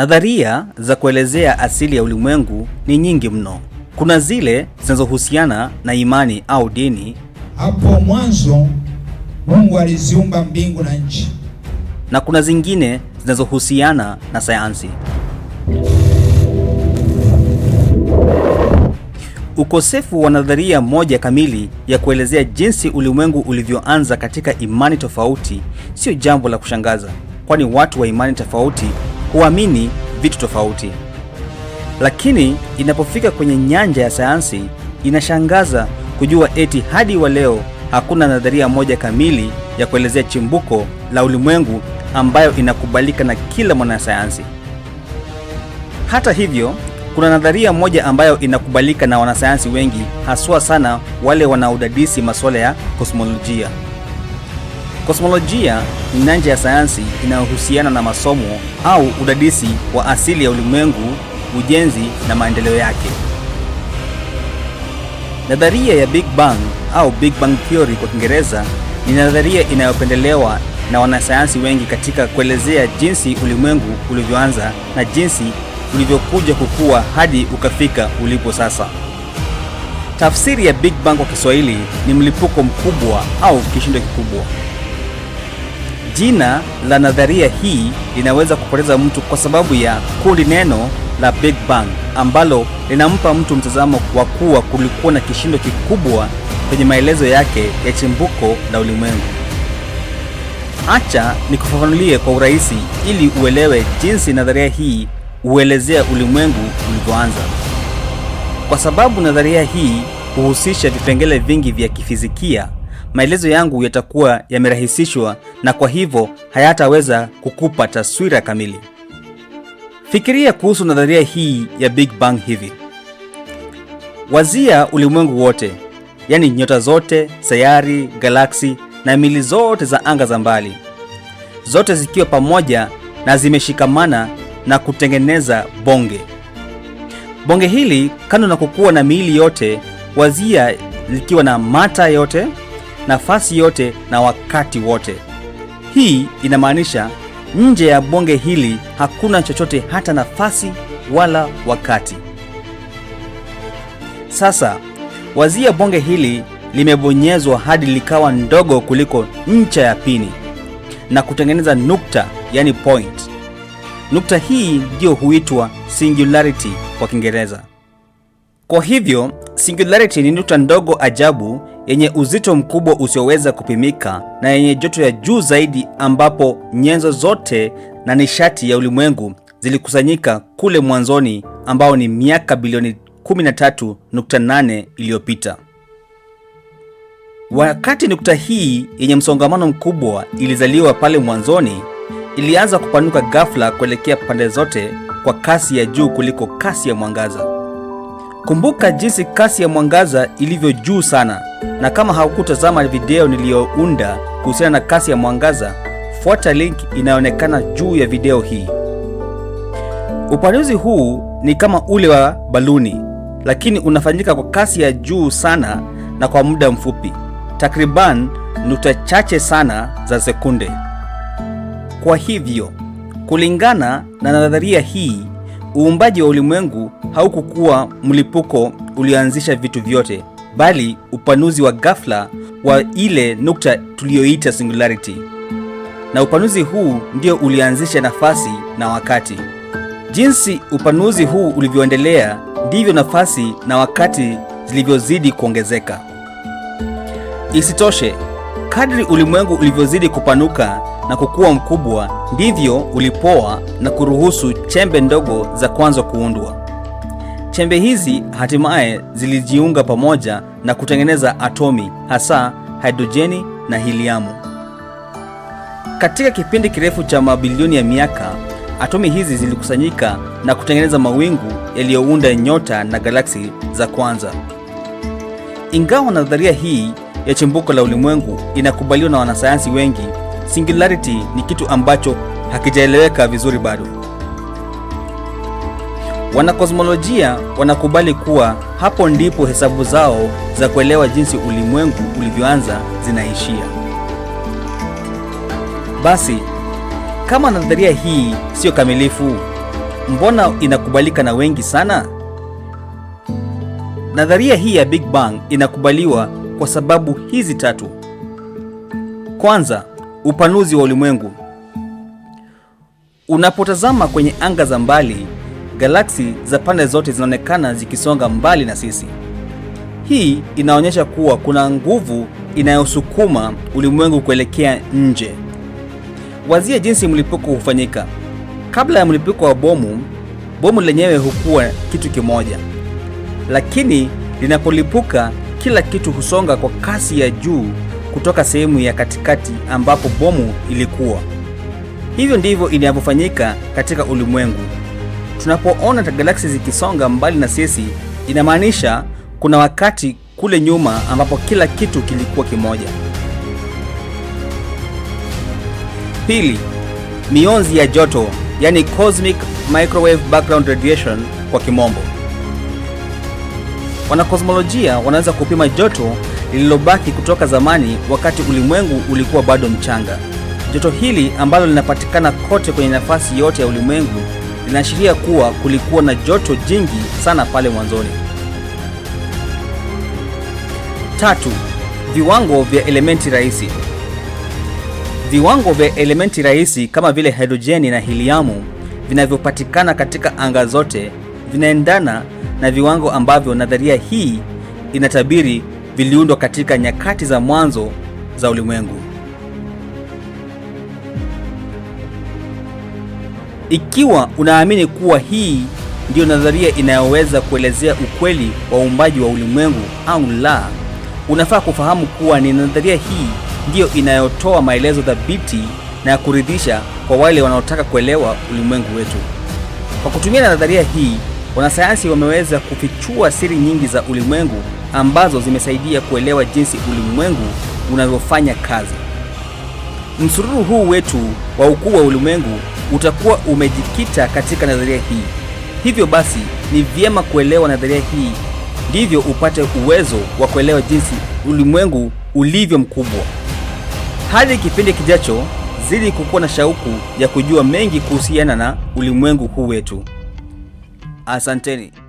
Nadharia za kuelezea asili ya ulimwengu ni nyingi mno. Kuna zile zinazohusiana na imani au dini. Hapo mwanzo Mungu aliziumba mbingu na nchi. Na kuna zingine zinazohusiana na sayansi. Ukosefu wa nadharia moja kamili ya kuelezea jinsi ulimwengu ulivyoanza katika imani tofauti sio jambo la kushangaza, kwani watu wa imani tofauti huamini vitu tofauti, lakini inapofika kwenye nyanja ya sayansi inashangaza kujua eti hadi wa leo hakuna nadharia moja kamili ya kuelezea chimbuko la ulimwengu ambayo inakubalika na kila mwanasayansi. Hata hivyo, kuna nadharia moja ambayo inakubalika na wanasayansi wengi, haswa sana wale wanaodadisi masuala ya kosmolojia. Kosmolojia ni nyanja ya sayansi inayohusiana na masomo au udadisi wa asili ya ulimwengu, ujenzi na maendeleo yake. Nadharia ya Big Bang au Big Bang Theory kwa Kiingereza ni nadharia inayopendelewa na wanasayansi wengi katika kuelezea jinsi ulimwengu ulivyoanza na jinsi ulivyokuja kukua hadi ukafika ulipo sasa. Tafsiri ya Big Bang kwa Kiswahili ni mlipuko mkubwa au kishindo kikubwa. Jina la nadharia hii linaweza kupoteza mtu kwa sababu ya kundi neno la Big Bang ambalo linampa mtu mtazamo wa kuwa kulikuwa na kishindo kikubwa kwenye maelezo yake ya chimbuko la ulimwengu. Acha nikufafanulie kwa urahisi ili uelewe jinsi nadharia hii huelezea ulimwengu ulivyoanza. Kwa sababu nadharia hii huhusisha vipengele vingi vya kifizikia maelezo yangu yatakuwa yamerahisishwa na kwa hivyo hayataweza kukupa taswira kamili. Fikiria kuhusu nadharia hii ya Big Bang hivi. Wazia ulimwengu wote, yaani nyota zote, sayari, galaksi na mili zote za anga za mbali, zote zikiwa pamoja na zimeshikamana na kutengeneza bonge. Bonge hili kando na kukuwa na miili yote, wazia likiwa na mata yote nafasi yote na wakati wote. Hii inamaanisha nje ya bonge hili hakuna chochote, hata nafasi wala wakati. Sasa wazia bonge hili limebonyezwa hadi likawa ndogo kuliko ncha ya pini na kutengeneza nukta, yani point. Nukta hii ndiyo huitwa singularity kwa Kiingereza. Kwa hivyo singularity ni nukta ndogo ajabu yenye uzito mkubwa usioweza kupimika na yenye joto ya juu zaidi, ambapo nyenzo zote na nishati ya ulimwengu zilikusanyika kule mwanzoni, ambao ni miaka bilioni 13.8 iliyopita. Wakati nukta hii yenye msongamano mkubwa ilizaliwa pale mwanzoni, ilianza kupanuka ghafla kuelekea pande zote kwa kasi ya juu kuliko kasi ya mwangaza. Kumbuka jinsi kasi ya mwangaza ilivyo juu sana, na kama haukutazama video niliyounda kuhusiana na kasi ya mwangaza, fuata link inayoonekana juu ya video hii. Upanuzi huu ni kama ule wa baluni, lakini unafanyika kwa kasi ya juu sana na kwa muda mfupi, takriban nukta chache sana za sekunde. Kwa hivyo, kulingana na nadharia hii Uumbaji wa ulimwengu haukukuwa mlipuko ulioanzisha vitu vyote, bali upanuzi wa ghafla wa ile nukta tuliyoita singularity, na upanuzi huu ndio ulianzisha nafasi na wakati. Jinsi upanuzi huu ulivyoendelea, ndivyo nafasi na wakati zilivyozidi kuongezeka. Isitoshe, kadri ulimwengu ulivyozidi kupanuka na kukua mkubwa, ndivyo ulipoa na kuruhusu chembe ndogo za kwanza kuundwa. Chembe hizi hatimaye zilijiunga pamoja na kutengeneza atomi, hasa hidrojeni na hiliamu Katika kipindi kirefu cha mabilioni ya miaka, atomi hizi zilikusanyika na kutengeneza mawingu yaliyounda nyota na galaksi za kwanza. Ingawa nadharia hii ya chimbuko la ulimwengu inakubaliwa na wanasayansi wengi Singularity ni kitu ambacho hakijaeleweka vizuri bado. Wanakosmolojia wanakubali kuwa hapo ndipo hesabu zao za kuelewa jinsi ulimwengu ulivyoanza zinaishia. Basi kama nadharia hii siyo kamilifu, mbona inakubalika na wengi sana? Nadharia hii ya Big Bang inakubaliwa kwa sababu hizi tatu. Kwanza, Upanuzi wa ulimwengu. Unapotazama kwenye anga za mbali, galaksi za pande zote zinaonekana zikisonga mbali na sisi. Hii inaonyesha kuwa kuna nguvu inayosukuma ulimwengu kuelekea nje. Wazia jinsi mlipuko hufanyika. Kabla ya mlipuko wa bomu, bomu lenyewe hukuwa kitu kimoja, lakini linapolipuka kila kitu husonga kwa kasi ya juu kutoka sehemu ya katikati ambapo bomu ilikuwa. Hivyo ndivyo inavyofanyika katika ulimwengu. Tunapoona galaksi zikisonga mbali na sisi, inamaanisha kuna wakati kule nyuma ambapo kila kitu kilikuwa kimoja. Pili, mionzi ya joto, yani cosmic microwave background radiation kwa kimombo. Wanakosmolojia wanaweza kupima joto lililobaki kutoka zamani wakati ulimwengu ulikuwa bado mchanga. Joto hili ambalo linapatikana kote kwenye nafasi yote ya ulimwengu linaashiria kuwa kulikuwa na joto jingi sana pale mwanzoni. Tatu, viwango vya elementi rahisi. Viwango vya elementi rahisi kama vile hidrojeni na heliamu vinavyopatikana katika anga zote vinaendana na viwango ambavyo nadharia hii inatabiri viliundwa katika nyakati za mwanzo za ulimwengu. Ikiwa unaamini kuwa hii ndiyo nadharia inayoweza kuelezea ukweli wa uumbaji wa ulimwengu au la, unafaa kufahamu kuwa ni nadharia hii ndiyo inayotoa maelezo thabiti na ya kuridhisha kwa wale wanaotaka kuelewa ulimwengu wetu. Kwa kutumia nadharia hii, wanasayansi wameweza kufichua siri nyingi za ulimwengu ambazo zimesaidia kuelewa jinsi ulimwengu unavyofanya kazi. Msururu huu wetu wa ukuu wa ulimwengu utakuwa umejikita katika nadharia hii. Hivyo basi, ni vyema kuelewa nadharia hii, ndivyo upate uwezo wa kuelewa jinsi ulimwengu ulivyo mkubwa. Hadi kipindi kijacho, zidi kukuwa na shauku ya kujua mengi kuhusiana na ulimwengu huu wetu. Asanteni.